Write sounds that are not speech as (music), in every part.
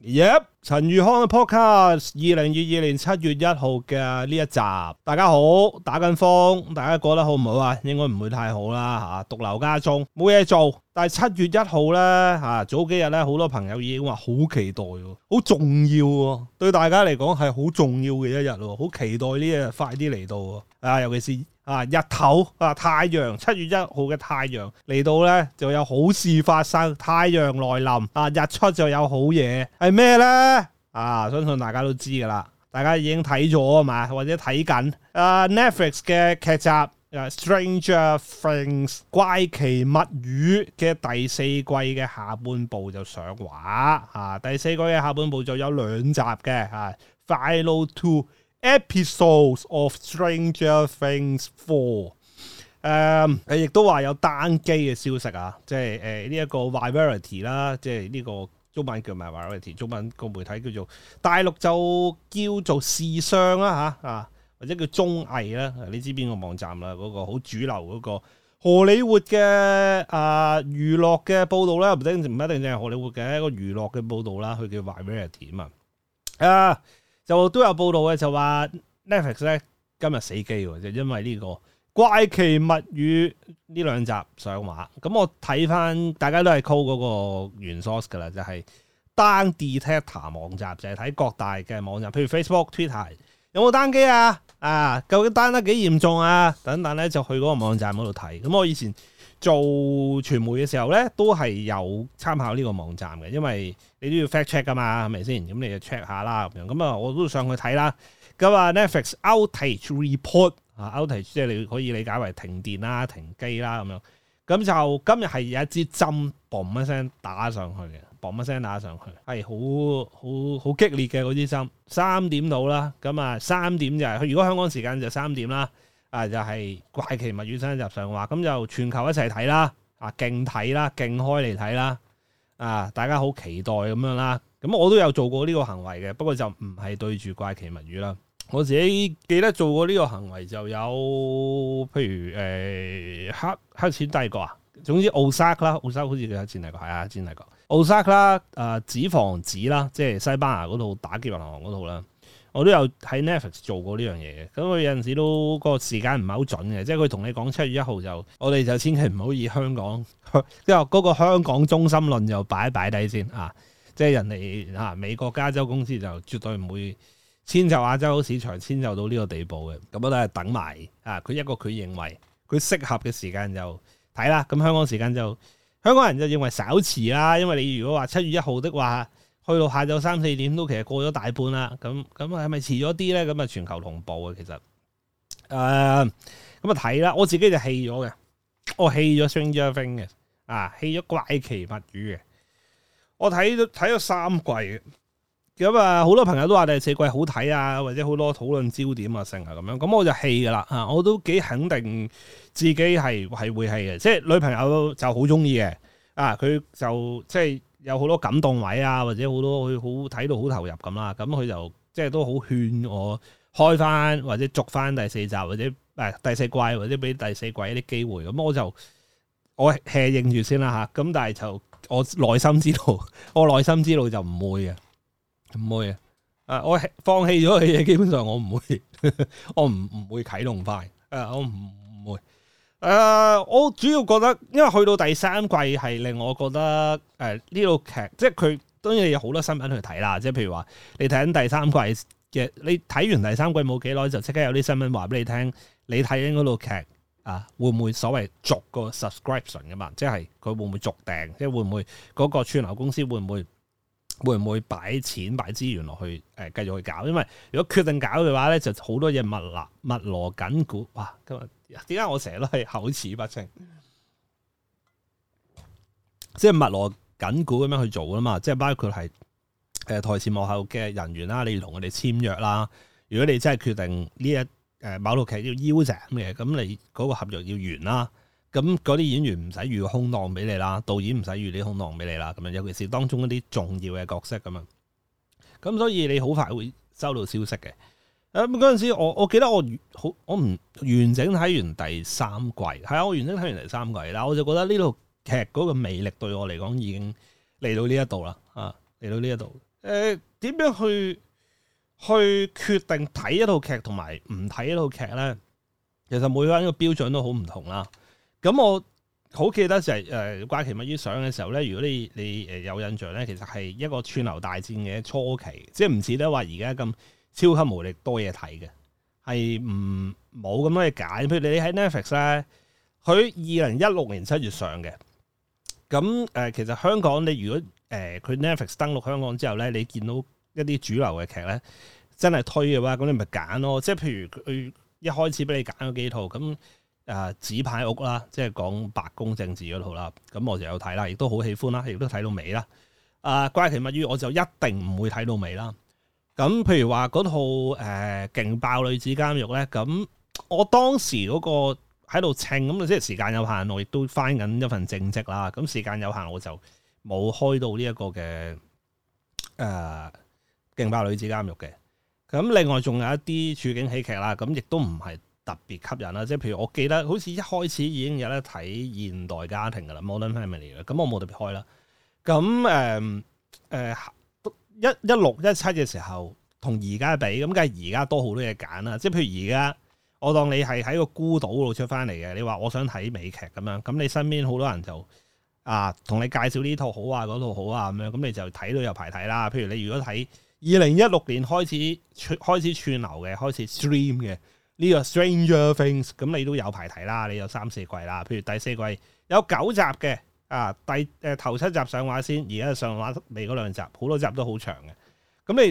耶！陳譽、yep，康嘅 podcast 二零二二年七月一號嘅呢一集，大家好，打緊風，大家過得好唔好啊？應該唔會太好啦吓，獨、啊、留家中冇嘢做。但係七月一號咧，啊早幾日咧，好多朋友已經話好期待，好重要，對大家嚟講係好重要嘅一日咯，好期待呢日快啲嚟到啊。尤其是啊日頭啊太陽七月一號嘅太陽嚟到咧，就有好事發生，太陽來臨啊日出就有好嘢，係咩咧？啊，相信大家都知㗎啦，大家已經睇咗啊嘛，或者睇緊啊 Netflix 嘅劇集。《Stranger Things》怪奇物語嘅第四季嘅下半部就上畫啊！第四季嘅下半部就有兩集嘅啊，《 (noise) Final Two Episodes of Stranger Things Four、嗯》誒誒，亦都話有單機嘅消息啊！即係誒呢一個 Variety 啦，即係呢個中文叫唔係 Variety，中文個媒體叫做大陸就叫做時尚啦嚇啊！啊或者叫綜藝啦，你知邊個網站啦？嗰、那個好主流嗰、那個荷里活嘅啊、呃、娛樂嘅報道啦，唔一定係荷里活嘅一個娛樂嘅報道啦。佢叫 Variety 啊，就都有報道嘅，就話 Netflix 咧今日死機喎，就因為呢、這個怪奇物語呢兩集上畫。咁我睇翻大家都係 call 嗰個原 source 噶啦，就係、是、Down Detector 網站，就係、是、睇各大嘅網站，譬如 Facebook、Twitter。有冇單機啊？啊，究竟單得幾嚴重啊？等等咧，就去嗰個網站嗰度睇。咁我以前做傳媒嘅時候咧，都係有參考呢個網站嘅，因為你都要 fact check 噶嘛，係咪先？咁你就 check 下啦，咁樣。咁啊，我都上去睇啦。咁啊，Netflix outage report 啊，outage 即係你可以理解為停電啦、停機啦咁樣。咁就今日係有一支針嘣一聲打上去嘅。講乜聲打上去，係好好好激烈嘅嗰啲心，三點到啦，咁啊三點就係，如果香港時間就三點啦，啊就係、是、怪奇物語新集上畫，咁就全球一齊睇啦，啊勁睇啦，勁開嚟睇啦，啊大家好期待咁樣啦，咁我都有做過呢個行為嘅，不過就唔係對住怪奇物語啦，我自己記得做過呢個行為就有，譬如誒、欸、黑黑錢帝國啊。總之奧沙克啦，奧沙好似佢係戰略係啊戰略個。奧沙克啦，誒、呃、紙房子啦，即係西班牙嗰度打劫銀行嗰度啦。我都有喺 Netflix 做過呢樣嘢，咁佢有陣時都個時間唔係好準嘅，即係佢同你講七月一號就，我哋就千祈唔好以香港，之後嗰個香港中心論就擺一擺底先啊。即係人哋啊美國加州公司就絕對唔會遷就亞洲市場遷就到呢個地步嘅，咁我都係等埋啊。佢一個佢認為佢適合嘅時間就睇啦，咁香港時間就香港人就認為稍遲啦，因為你如果話七月一號嘅話，去到下晝三四點都其實過咗大半啦。咁咁係咪遲咗啲咧？咁啊全球同步啊，其實、呃，誒咁啊睇啦，我自己就棄咗嘅，我棄咗 Stranger Things 嘅，啊棄咗怪奇物語嘅，我睇咗睇到三季咁啊，好、嗯、多朋友都話第四季好睇啊，或者好多討論焦點啊，成啊咁樣。咁我就棄噶啦，我都幾肯定自己係係會棄嘅。即係女朋友就好中意嘅，啊，佢就即係有好多感動位啊，或者多好多佢好睇到好投入咁啦。咁佢就即係都好勸我開翻或者續翻第四集或者誒、哎、第四季或者俾第四季一啲機會。咁我就我棄應住先啦吓。咁但係就我內心知道，我內心知道就唔會嘅。唔會啊、呃！我放棄咗嘅嘢，基本上我唔會，呵呵我唔唔會啟動快啊！我唔唔會啊、呃！我主要覺得，因為去到第三季係令我覺得誒，呢套劇，即係佢當然有好多新聞去睇啦。即係譬如話你睇緊第三季嘅，你睇完第三季冇幾耐就即刻有啲新聞話俾你聽，你睇緊嗰套劇啊、呃，會唔會所謂逐個 subscription 噶嘛？即係佢會唔會續訂？即係會唔會嗰個串流公司會唔會？會唔會擺錢擺資源落去？誒、呃，繼續去搞，因為如果決定搞嘅話咧，就好多嘢密拿密鑼緊鼓。哇！今日點解我成日都係口齒不清？嗯、即係密鑼緊鼓咁樣去做啦嘛，即係包括係誒台前幕後嘅人員啦，你要同佢哋簽約啦。如果你真係決定呢一誒、呃、某套劇要邀請嘅，咁你嗰個合約要完啦。咁嗰啲演員唔使預空檔俾你啦，導演唔使預啲空檔俾你啦。咁樣，尤其是當中一啲重要嘅角色咁樣。咁所以你好快會收到消息嘅。咁嗰陣時我，我我記得我好我唔完整睇完第三季，係啊，我完整睇完第三季，但我就覺得呢套劇嗰個魅力對我嚟講已經嚟到呢一度啦，啊嚟到呢一度。誒、呃,點樣去去決定睇一套劇同埋唔睇一套劇咧？其實每個人個標準都好唔同啦。咁我好記得就係誒怪奇物語上嘅時候咧，如果你你誒有印象咧，其實係一個串流大戰嘅初期，即係唔似咧話而家咁超級無力多嘢睇嘅，係唔冇咁多嘢揀。譬如你喺 Netflix 咧，佢二零一六年七月上嘅。咁誒、呃，其實香港你如果誒佢、呃、Netflix 登陸香港之後咧，你見到一啲主流嘅劇咧，真係推嘅話，咁你咪揀咯。即係譬如佢一開始俾你揀咗幾套咁。誒紙、呃、牌屋啦，即係講白宮政治嗰套啦，咁我就有睇啦，亦都好喜歡啦，亦都睇到尾啦。誒怪奇物語我就一定唔會睇到尾啦。咁譬如話嗰套誒、呃、勁爆女子監獄咧，咁我當時嗰個喺度稱咁，即係時間有限，我亦都返緊一份正職啦。咁時間有限，我就冇開到呢一個嘅誒、呃、勁爆女子監獄嘅。咁另外仲有一啲處境喜劇啦，咁亦都唔係。特別吸引啦，即係譬如我記得好似一開始已經有得睇現代家庭噶啦，Modern Family 啦，咁我冇特別開啦。咁誒誒，一一六一七嘅時候同而家比，咁梗係而家多好多嘢揀啦。即係譬如而家，我當你係喺個孤島度出翻嚟嘅，你話我想睇美劇咁樣，咁你身邊好多人就啊，同你介紹呢套好啊，嗰套好啊咁樣，咁你就睇到有排睇啦。譬如你如果睇二零一六年開始開始串流嘅，開始 stream 嘅。呢個 Stranger Things 咁你都有排睇啦，你有三四季啦，譬如第四季有九集嘅啊，第誒、啊、頭七集上畫先，而家上畫未嗰兩集，好多集都好長嘅，咁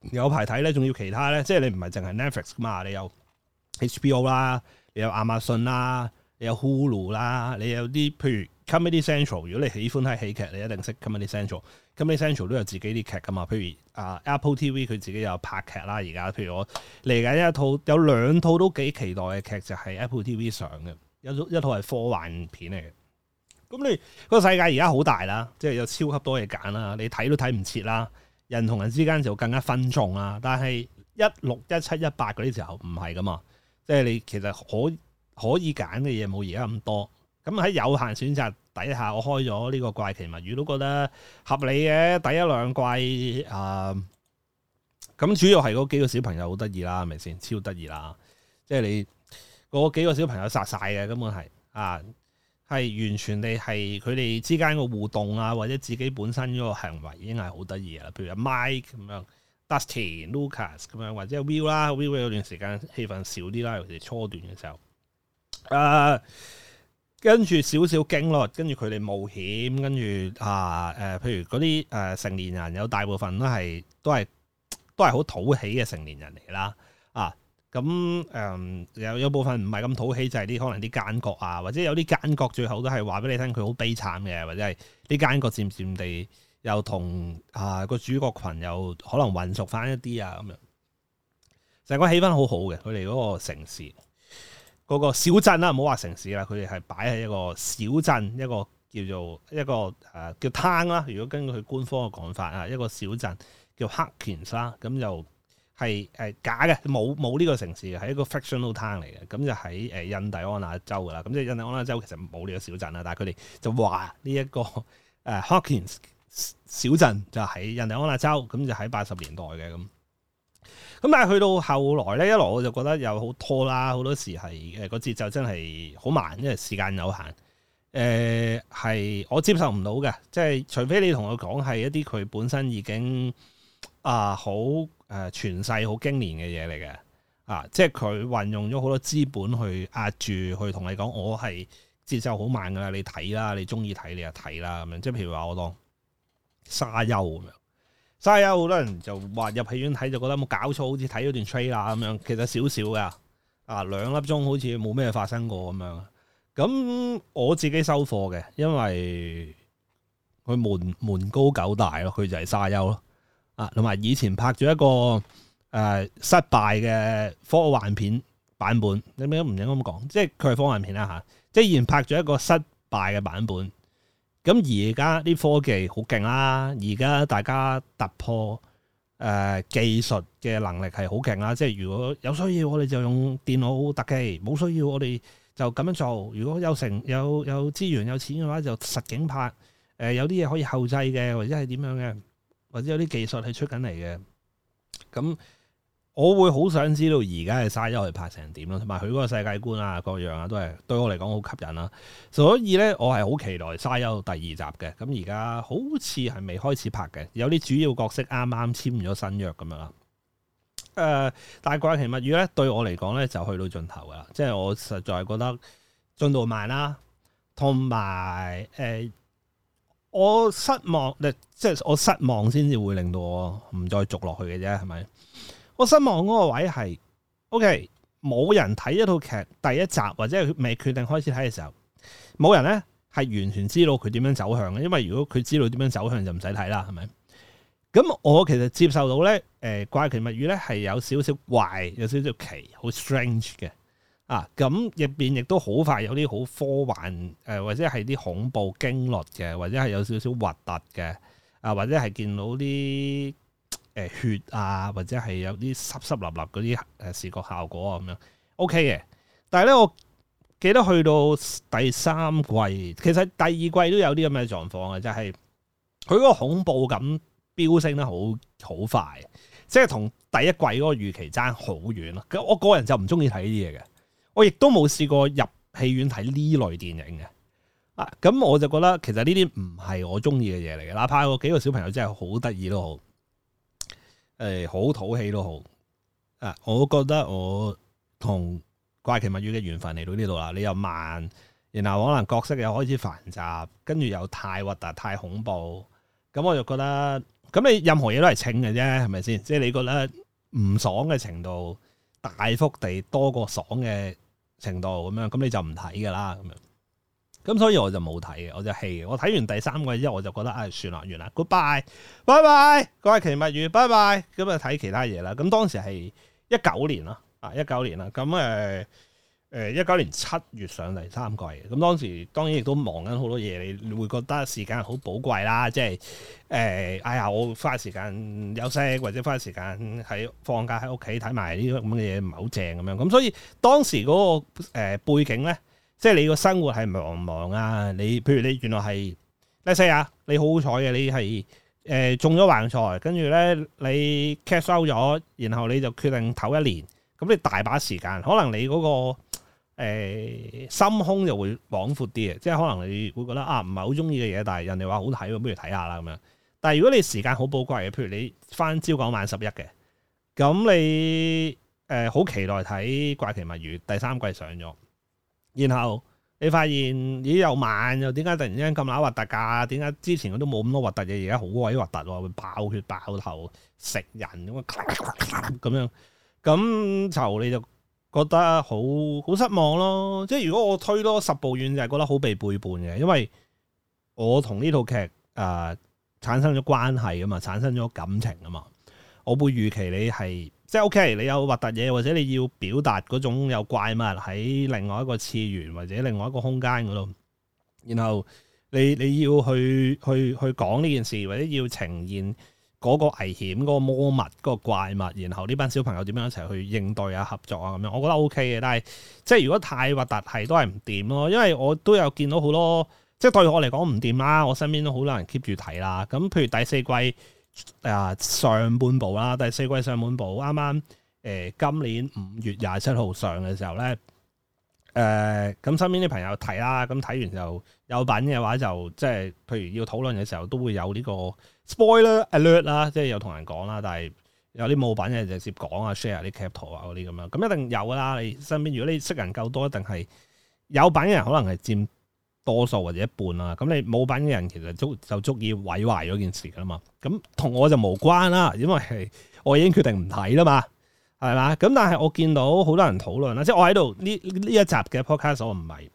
你有排睇咧，仲要其他咧，即係你唔係淨係 Netflix 噶嘛，你有 HBO 啦，你有亞馬遜啦，你有 Hulu 啦，你有啲譬如。Comedy Central，如果你喜歡睇喜劇，你一定識 Comedy Central。Comedy Central 都有自己啲劇噶嘛，譬如啊 Apple TV 佢自己有拍劇啦。而家譬如我嚟緊一套，有兩套都幾期待嘅劇，就係、是、Apple TV 上嘅，一套一套係科幻片嚟嘅。咁你、個世界而家好大啦，即係有超級多嘢揀啦，你睇都睇唔切啦。人同人之間就更加分眾啦。但係一六一七一八嗰啲時候唔係噶嘛，即係你其實可可以揀嘅嘢冇而家咁多。咁喺、嗯、有限選擇底下，我開咗呢個怪奇物語都覺得合理嘅，第一兩季啊！咁、呃嗯嗯、主要係嗰幾個小朋友好得意啦，係咪先？超得意啦！即係你嗰幾個小朋友殺晒嘅根本係啊，係完全地係佢哋之間嘅互動啊，或者自己本身嗰個行為已經係好得意啊。譬如阿 Mike 咁樣、Dustin、Lucas 咁樣，或者 Will 啦，Will 有段時間氣氛少啲啦，尤其是初段嘅時候啊。呃跟住少少驚咯，跟住佢哋冒險，跟住啊誒，譬、呃、如嗰啲誒成年人，有大部分都係都係都係好討喜嘅成年人嚟啦啊！咁、嗯、誒有有部分唔係咁討喜，就係、是、啲可能啲奸角啊，或者有啲奸角最後都係話俾你聽，佢好悲慘嘅，或者係啲奸角漸漸地又同啊個主角群又可能混熟返一啲啊咁樣，成個氣氛好好嘅，佢哋嗰個城市。嗰個小鎮啦，唔好話城市啦，佢哋係擺喺一個小鎮，一個叫做一個誒、呃、叫 town 啦。如果根據佢官方嘅講法啊，一個小鎮叫 Hawkins 啦、啊，咁就係、是、誒、呃、假嘅，冇冇呢個城市嘅，係一個 fictional town 嚟嘅。咁就喺誒、呃、印第安納州㗎啦。咁即係印第安納州其實冇呢個小鎮啦，但係佢哋就話呢一個誒、呃、Hawkins 小鎮就喺印第安納州，咁就喺八十年代嘅咁。咁但係去到後來咧，一來我就覺得又好拖啦，好多時係誒、嗰個節奏真係好慢，因為時間有限。誒、呃、係我接受唔到嘅，即係除非你同佢講係一啲佢本身已經啊好誒傳、啊、世好經典嘅嘢嚟嘅啊，即係佢運用咗好多資本去壓住，去同你講我係節奏好慢㗎啦，你睇啦，你中意睇你就睇啦咁樣。即係譬如話我當沙丘咁樣。沙丘好多人就話入戲院睇就覺得冇搞錯，好似睇咗段 trade 啦咁樣，其實少少噶。啊兩粒鐘好似冇咩發生過咁樣。咁我自己收貨嘅，因為佢門門高九大咯，佢就係沙丘咯，啊，同埋以前拍咗一個誒、呃、失敗嘅科幻片版本，你解唔應該咁講？即係佢係科幻片啦吓、啊，即係以前拍咗一個失敗嘅版本。咁而家啲科技好勁啦，而家大家突破誒、呃、技術嘅能力係好勁啦。即係如果有需要，我哋就用電腦特技；冇需要，我哋就咁樣做。如果有成有有資源有錢嘅話，就實景拍。誒、呃、有啲嘢可以後製嘅，或者係點樣嘅，或者有啲技術係出緊嚟嘅。咁我會好想知道而家嘅沙丘拍成點咯，同埋佢嗰個世界觀啊，各樣啊都係對我嚟講好吸引啦。所以咧，我係好期待沙丘第二集嘅。咁而家好似係未開始拍嘅，有啲主要角色啱啱簽咗新約咁樣啦。誒、呃，大怪奇物語咧對我嚟講咧就去到盡頭噶啦，即係我實在覺得進度慢啦，同埋誒我失望，即係我失望先至會令到我唔再續落去嘅啫，係咪？我失望嗰個位係，O K，冇人睇一套劇第一集或者係未決定開始睇嘅時候，冇人咧係完全知道佢點樣走向嘅，因為如果佢知道點樣走向就唔使睇啦，係咪？咁我其實接受到咧，誒、呃、怪奇物語咧係有少少怪，有少少奇，好 strange 嘅，啊，咁入邊亦都好快有啲好科幻，誒或者係啲恐怖驚悚嘅，或者係有少少核突嘅，啊或者係見到啲。誒，血啊，或者係有啲濕濕立立嗰啲誒視覺效果啊，咁樣 OK 嘅。但係咧，我記得去到第三季，其實第二季都有啲咁嘅狀況嘅，就係佢嗰個恐怖感飆升得好好快，即係同第一季嗰個預期差好遠咯。咁我個人就唔中意睇呢啲嘢嘅，我亦都冇試過入戲院睇呢類電影嘅。啊，咁我就覺得其實呢啲唔係我中意嘅嘢嚟嘅，哪怕我幾個小朋友真係好得意都好。誒，欸、討好土氣都好啊！我覺得我同怪奇物語嘅緣分嚟到呢度啦你又慢，然後可能角色又開始繁雜，跟住又太核突、太恐怖，咁我就覺得，咁你任何嘢都係秤嘅啫，係咪先？即係你覺得唔爽嘅程度大幅地多過爽嘅程度咁樣，咁你就唔睇噶啦咁樣。咁所以我就冇睇嘅，我就棄嘅。我睇完第三季之後，我就覺得唉、哎，算啦，完啦，goodbye，拜拜，拜拜，怪奇物語，拜拜。咁啊，睇其他嘢啦。咁、嗯呃嗯、當時係一九年啦，啊一九年啦。咁誒誒，一九年七月上嚟三季。咁當時當然亦都忙緊好多嘢，你會覺得時間好寶貴啦。即係誒、呃，哎呀，我花時間休息或者花時間喺放假喺屋企睇埋呢啲咁嘅嘢，唔係好正咁樣。咁、嗯、所以當時嗰、那個誒、呃、背景咧。即係你個生活係唔忙唔忙啊！你譬如你原來係咩西啊？你好好彩嘅，你係誒中咗橫財，跟住咧你 cash out 咗，然後你就決定唞一年，咁你大把時間，可能你嗰、那個誒、呃、心胸就會廣闊啲嘅，即係可能你會覺得啊，唔係好中意嘅嘢，但係人哋話好睇，不如睇下啦咁樣。但係如果你時間好寶貴嘅，譬如你翻朝九晚十一嘅，咁你誒好、呃、期待睇《怪奇物語》第三季上咗。然後你發現咦，又慢又點解突然之間咁乸核突㗎？點解之前我都冇咁多核突嘢，而家好鬼核突喎，會爆血爆頭、食人咁，啊咁樣，咁就你就覺得好好失望咯。即係如果我推多十步遠就係、是、覺得好被背叛嘅，因為我同呢套劇誒產生咗關係啊嘛，產生咗感情啊嘛，我會預期你係。即係 O K，你有核突嘢，或者你要表達嗰種有怪物喺另外一個次元或者另外一個空間嗰度，然後你你要去去去講呢件事，或者要呈現嗰個危險、嗰個魔物、嗰個怪物，然後呢班小朋友點樣一齊去應對啊、合作啊咁樣，我覺得 O K 嘅。但係即係如果太核突係都係唔掂咯，因為我都有見到好多，即係對我嚟講唔掂啦，我身邊都好多人 keep 住睇啦。咁譬如第四季。啊，上半部啦，第四季上半部，啱啱誒，今年五月廿七號上嘅時候咧，誒、呃，咁身邊啲朋友睇啦，咁睇完就有品嘅話就，就即係，譬如要討論嘅時候，都會有呢個 spoiler alert 啦，即係有同人講啦，但係有啲冇品嘅直接講啊，share 啲 cap 圖啊，嗰啲咁樣，咁一定有㗎啦。你身邊如果你識人夠多，一定係有品嘅人，可能係佔。多數或者一半啦，咁你冇品嘅人其實足就，就足以毀壞嗰件事啦嘛。咁同我就無關啦，因為係我已經決定唔睇啦嘛，係嘛？咁但係我見到好多人討論啦，即係我喺度呢呢一集嘅 podcast，我唔係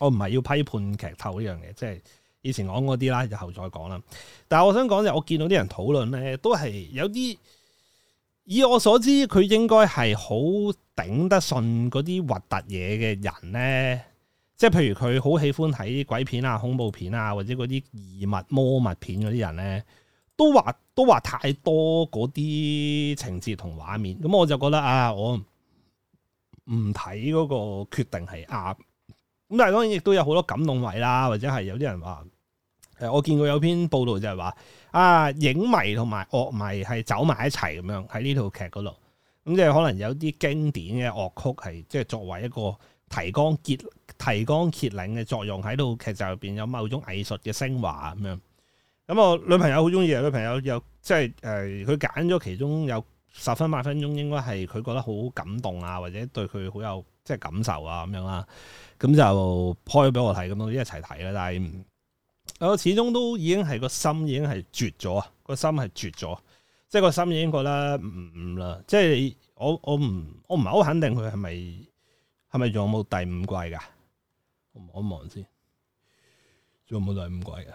我唔係要批判劇透呢樣嘢，即係以前講嗰啲啦，日後再講啦。但係我想講就，我見到啲人討論咧，都係有啲以我所知，佢應該係好頂得順嗰啲核突嘢嘅人咧。即係譬如佢好喜歡睇鬼片啊、恐怖片啊，或者嗰啲異物魔物片嗰啲人咧，都話都話太多嗰啲情節同畫面，咁、嗯、我就覺得啊，我唔睇嗰個決定係啱。咁但係當然亦都有好多感動位啦，或者係有啲人話誒，我見過有篇報道就係話啊，影迷同埋樂迷係走埋一齊咁樣喺呢套劇嗰度，咁、嗯、即係可能有啲經典嘅樂曲係即係作為一個提綱結提綱挈領嘅作用喺度，劇集入邊有某種藝術嘅升華咁樣。咁我女朋友好中意，女朋友又即係誒，佢揀咗其中有十分八分鐘，應該係佢覺得好感動啊，或者對佢好有即係感受啊咁樣啦。咁就開俾我睇，咁我一齊睇啦。但係我始終都已經係個心已經係絕咗啊，個心係絕咗，即係個心已經覺得唔啦、嗯嗯，即係我我唔我唔係好肯定佢係咪係咪仲有冇第五季噶？我望一望先，仲有冇第五季嘅？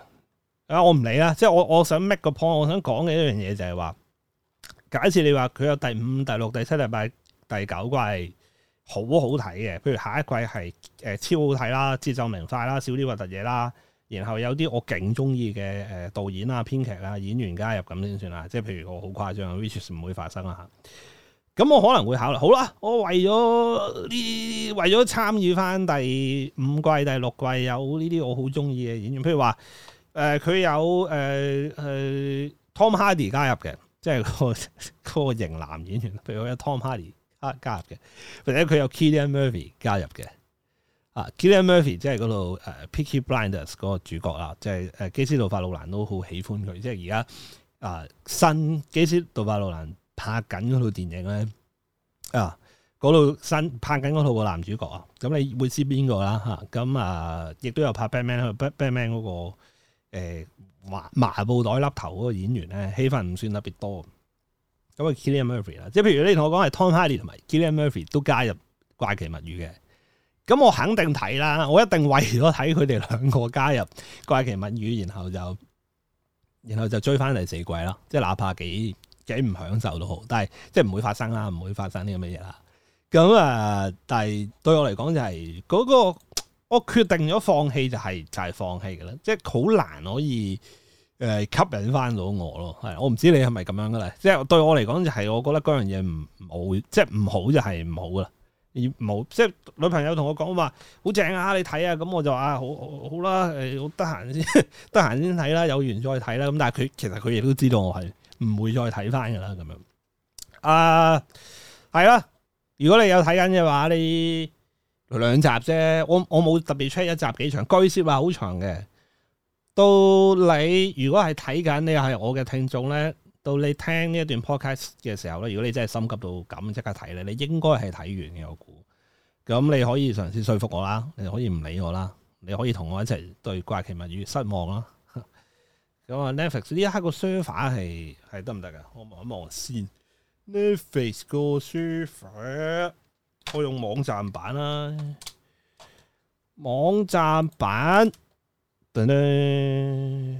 啊我唔理啦，即係我我想 make 個 point，我想講嘅一樣嘢就係話，假設你話佢有第五、第六、第七、第八、第九季好好睇嘅，譬如下一季係呃超好睇啦，節奏明快啦，少啲核突嘢啦，然後有啲我勁中意嘅誒導演啊、編劇啊、演員加入咁先算啦，即係譬如我好誇張，which 唔會發生啦吓。咁我可能會考慮，好啦，我為咗呢，為咗參與返第五季、第六季有呢啲我好中意嘅演員，譬如話，誒、呃、佢有誒誒、呃 uh, Tom Hardy 加入嘅，即係、那個嗰 (laughs) 個型男演員，譬如有 Tom Hardy 加入嘅，或者佢有 Cillian Murphy 加入嘅，啊 Cillian Murphy 即係嗰度誒、uh, Peaky Blinders 嗰個主角啦，即係誒、uh, 基斯杜法魯蘭都好喜歡佢，即係而家啊新基斯杜法魯蘭。拍緊嗰套電影咧啊，嗰套新拍緊嗰套個男主角啊，咁你會知邊個啦嚇？咁啊，亦、啊、都有拍 Batman，Batman 嗰、啊那個麻、欸、麻布袋笠頭嗰個演員咧，戲份唔算特別多。咁啊，Cillian Murphy 啦，即係譬如你同我講係 Tom Hardy 同埋 Cillian Murphy 都加入怪奇物語嘅，咁我肯定睇啦，我一定為咗睇佢哋兩個加入怪奇物語，然後就然後就追翻嚟四季啦，即係哪怕幾。幾唔享受都好，但係即係唔會發生啦，唔會發生呢個咩嘢啦？咁、嗯、啊，但係對我嚟講就係、是、嗰、那個我決定咗放棄就係、是、就係、是、放棄嘅啦，即係好難可以誒、呃、吸引翻到我咯。係、嗯、我唔知你係咪咁樣噶啦。即、就、係、是、對我嚟講就係我覺得嗰樣嘢唔好，即係唔好就係唔好啦。而冇即係女朋友同我講話好正啊，你睇啊，咁、嗯、我就話好好好啦，誒，好得閒先，得閒先睇啦，有緣再睇啦。咁但係佢其實佢亦都知道我係。唔會再睇翻嘅啦，咁樣啊，係啦。如果你有睇緊嘅話，你兩集啫。我我冇特別 check 一集幾長，據説，話好長嘅。到你如果係睇緊，你係我嘅聽眾咧，到你聽呢一段 podcast 嘅時候咧，如果你真係心急到咁即刻睇咧，你應該係睇完嘅，我估。咁你可以嘗試說服我啦，你可以唔理我啦，你可以同我一齊對怪奇物語失望啦。咁啊，Netflix 呢一刻個 server 係係得唔得噶？我望一望先。Netflix 個 server，我用網站版啦、啊。網站版，等陣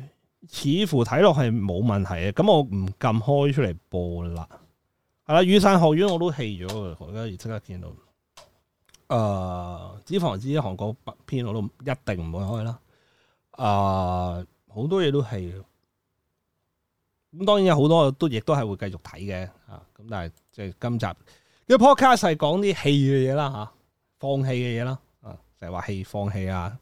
似乎睇落係冇問題嘅。咁我唔撳開出嚟播啦。係啦，雨傘學院我都棄咗。我而家而家見到，誒、呃，紙房子韓國篇我都一定唔會開啦。誒、呃。好多嘢都係，咁當然有好多都亦都係會繼續睇嘅嚇。咁、啊、但係，即係今集嘅 podcast 係講啲戲嘅嘢啦嚇，放棄嘅嘢啦，啊，就係話戲放棄啊。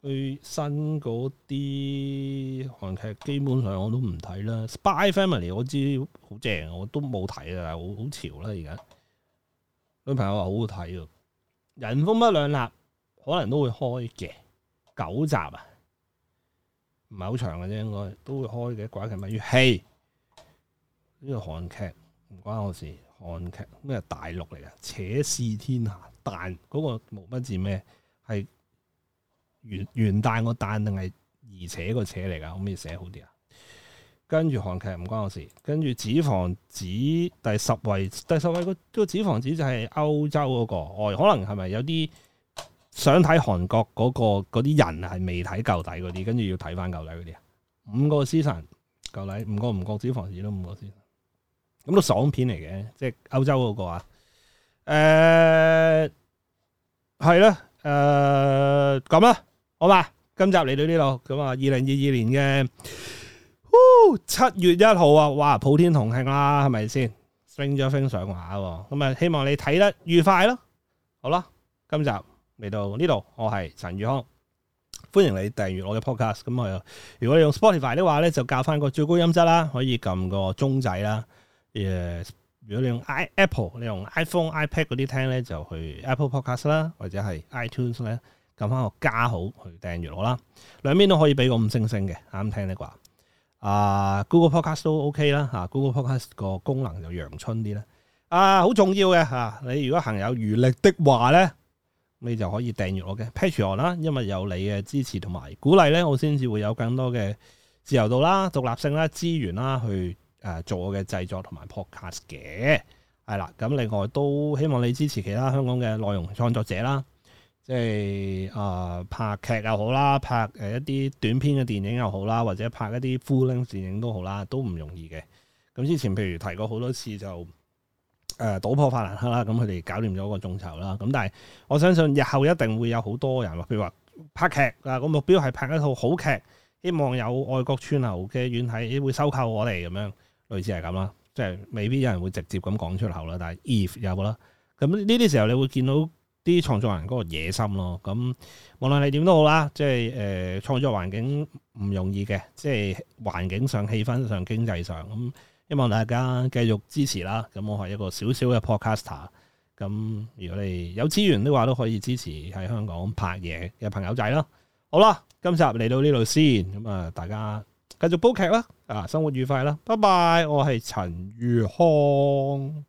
佢、呃、新嗰啲韓劇基本上我都唔睇啦。Spy Family 我知好正，我都冇睇啊，但係好潮啦而家。女朋友話好好睇喎，人風不兩立。可能都會開嘅九集啊，唔係好長嘅啫，應該都會開嘅。怪奇物語？嘿，呢、這個韓劇唔關我事。韓劇咩？大陸嚟㗎？且試天下，但嗰、那個毛筆字咩？係元元旦個旦定係而且個且嚟噶？可唔可以寫好啲啊？跟住韓劇唔關我事。跟住紙房子第十位，第十位個個紙房子就係歐洲嗰、那個。我、哎，可能係咪有啲？想睇韓國嗰個嗰啲人係未睇舊底嗰啲，跟住要睇翻舊底嗰啲啊！五個 season 舊底，五個唔國資房子都五個 season，咁都爽片嚟嘅，即係歐洲嗰個啊！誒係啦，誒咁啦，好嘛？今集嚟到呢度，咁啊，二零二二年嘅，七月一號啊，哇普天同慶啦，係咪先？升咗升上畫，咁啊希望你睇得愉快咯，好啦，今集。嚟到呢度，我係陳宇康，歡迎你訂閱我嘅 podcast。咁、嗯、我如果你用 Spotify 的話咧，就教翻個最高音質啦，可以撳個鐘仔啦。誒、yes，如果你用 i Apple，你用 iPhone、iPad 嗰啲聽咧，就去 Apple Podcast 啦，或者係 iTunes 咧，撳翻個加號去訂閱我啦。兩邊都可以俾個五星星嘅，啱聽呢啩。啊，Google Podcast 都 OK 啦。吓、啊，Google Podcast 個功能就陽春啲啦。啊，好重要嘅吓、啊，你如果行有餘力的話咧，你就可以訂閱我嘅 Patreon 啦，因為有你嘅支持同埋鼓勵咧，我先至會有更多嘅自由度啦、獨立性啦、資源啦，去誒做我嘅製作同埋 podcast 嘅，係啦。咁另外都希望你支持其他香港嘅內容創作者啦，即係啊拍劇又好啦，拍誒一啲短片嘅電影又好啦，或者拍一啲 full length 電影都好啦，都唔容易嘅。咁之前譬如提過好多次就。誒倒、呃、破法蘭克啦，咁佢哋搞掂咗個眾籌啦。咁但係我相信日後一定會有好多人話，譬如話拍劇啊，個目標係拍一套好劇，希望有外國串流嘅院睇會收購我哋咁樣，類似係咁啦。即係未必有人會直接咁講出口啦。但係 if、e、有啦，咁呢啲時候你會見到啲創作人嗰個野心咯。咁無論係點都好啦，即係誒、呃、創作環境唔容易嘅，即係環境上、氣氛上、上經濟上咁。嗯。希望大家繼續支持啦，咁我係一個小小嘅 Podcaster，咁如果你有資源的話，都可以支持喺香港拍嘢嘅朋友仔啦。好啦，今集嚟到呢度先，咁啊，大家繼續煲劇啦，啊，生活愉快啦，拜拜，我係陳如康。